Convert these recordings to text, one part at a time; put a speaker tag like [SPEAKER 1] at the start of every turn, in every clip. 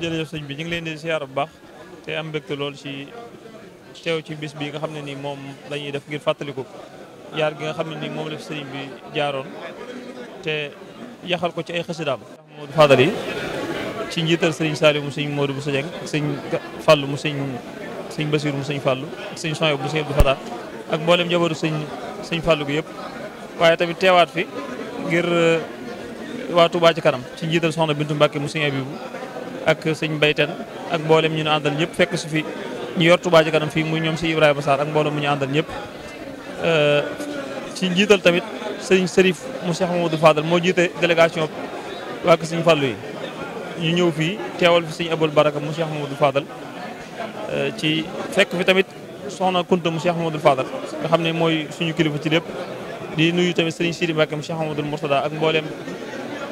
[SPEAKER 1] jërëjëf sëñ bi ñu ngi leen di siyaar bu baax te am mbégte lool ci teew ci bis bi nga xam ne nii moom lañuy def ngir fàttali fàttaliku yaar gi nga xam ne ni moom la fi sëriñ bi jaaroon te yaxal ko ci ay xasidaam Modou Fadal yi ci njiital sëriñ Saliou mu sëñ moo bu sa Dieng sëñ mu sëñ sëñ Bassirou sëñ Fallou sëñ Sonia bu sëñ Abdou Fatah ak mboolem jabaru sëñ sëñ Fallou gi yëpp waaye tamit teewaat fi ngir uh, waa Touba ci kanam ci njiital soxna Bintu Mbacke mu sëñ Abibou ak sëñ Baytel ak mboolem ñu nu àndal ñëpp fekk su fi ñu yor Touba Ca Kanam fii muy ñoom si Ibrahima Sarr ak mboolem mu ñu àndal ñëpp euh, ci njiital tamit sëñ sërif mu Cheikh Mamadou Fadal moo jiite bi waa sëñ Fallou yi ñu ñëw fii teewal fi sëñ Abul Baraka mu Cheikh Mamadou Fadal euh, ci fekk fi tamit soxna Kunta mu seex Mamadou Fadal nga xam ne mooy suñu kilifa ci lépp di nuyu tamit sëñ Sidi Mbacke mu Cheikh Mamadou Mourtada ak mboolem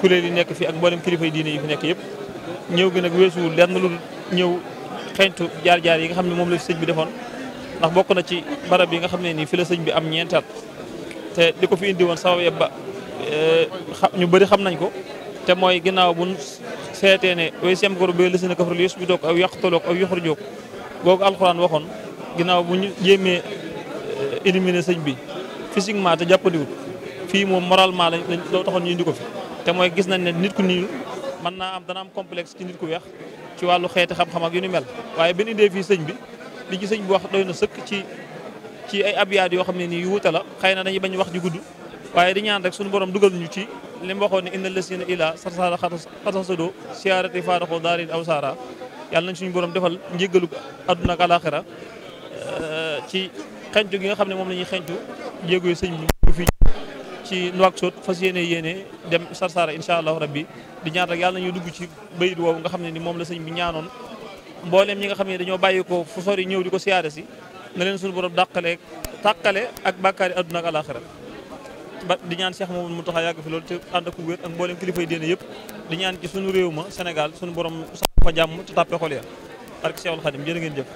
[SPEAKER 1] kuréel yi nekk fii ak mboolem kilifa yi nekk yëpp ñëw gi nag weesuwul lenn lu ñëw xeeñtu jaar-jaar yi nga xam ne moom la fi sëñ bi defoon ndax bokk na ci barab yi nga xam ne nii fi la sëñ bi am ñeenti te li ko fi indi woon sabab yebba eh, ñu bëri xam nañ ko te mooy ginnaaw bu seetee ne way sem koro bé lisi na kafar yus bi toog aw yàqtaloog aw yoxor jóog googu alxuraan waxoon ginnaaw bu ñu jéemee eh, éliminer sëñ bi physiquement te jàppandiwut fii moom moralement lañ loo taxoon ñu indi ko fi te mooy gis nañ ne nit ku nii man naa am dana am complexe ci nit ku weex ci wàllu xeeti xam-xam ak yu ni mel waaye bi ñu indee fii sëñ bi li ci sëñ bi wax doy na sëkk ci ci ay abiyaat yoo xam ne nii yu wuute la xëy na dañuy bañ wax ji gudd waaye di ñaan rek suñu borom dugal ñu ci li mu waxoon ne inna lasina ila sarsara xatasadoo siyaarati faaraxoo daarin aw saara yàlla nañ suñu borom defal njéggalu àdduna ak alaxira eh, ci xencu gi nga xam ne moom la ñuy xencu jéegoy sëñ bi ci Nouakchott fas yéene yéene dem Sarsara incha allahu rabbi di ñaan rek yàlla nañu dugg ci bayit woowu nga xam ne ni moom la sëñ bi ñaanoon mbooleem ñi nga xam ne dañoo bàyyi ko fu sori ñëw di ko siyaare si na leen suñu boroom dàqale tàqale ak bàkkaari àdduna ak alaxira ba di ñaan Cheikh Mamadou Mountakha yàgg fi loolu te ànd ak wér ak mbooleem kilifa yi déene yëpp di ñaan ci suñu réew ma Sénégal suñu borom sax jàmm te tàppe xol ya barke Cheikhul ngeen jëf